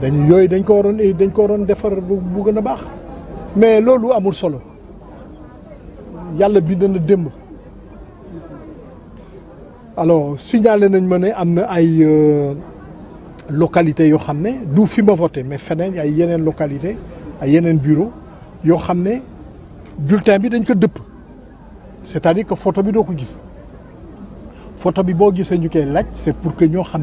dañ yooyu dañ ko waroon eh, dañ ko waroon defar bu gën a mais loolu amul solo yàlla bi dana démb alors signalé nañ ma ne am na ay euh, localités yoo xam ne du fi ma voter mais feneen ay yeneen localité ay bureau yoo xam ne bulletin bi c'est-à-dire que photo bi doo ko gis photo bi boo gisee ñu c'est pour que ñoo xam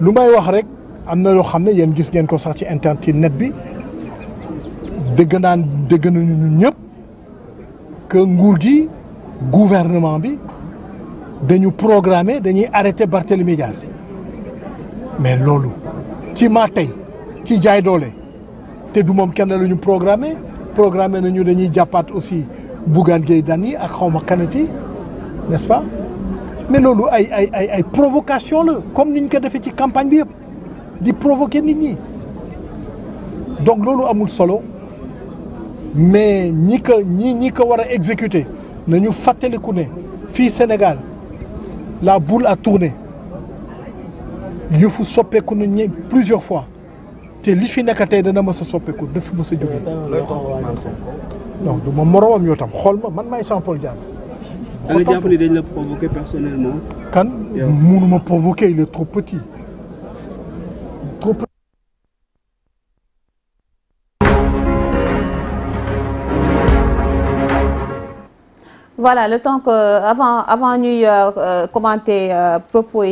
lu may wax rek am na loo xam ne yéen gis ngeen ko sax ci internet bi dégg naan dégg nañu ñun ñëpp que nguur gi gouvernement bi dañu programmer dañuy arrêté Barthélémy Dias mais loolu ci maa tey ci jaay doole te du moom kenn la ñu programmer programmer nañu dañuy jàppaat aussi Bougane Gueye Dany ak xaw ma kanati n'est-ce pas mais lolu ay ay ay ay provocation le comme niñ ko defee ci campagne bi yëpp di provoquer nit ñi donc lolu amul solo mais ñi ko ñi ñi ko wara exécuter nañu ku né fi Sénégal la boule a tourné yëfu soppé ku ñu plusieurs fois té li fi nekk tey dana mës soppé ku def mës a jógee. non du ma moromam yoo tam xool ma man may Jean Paul Diaz da nga personnellement. il est trop petit. voilà le temps que avant avant euh, commenter euh, propos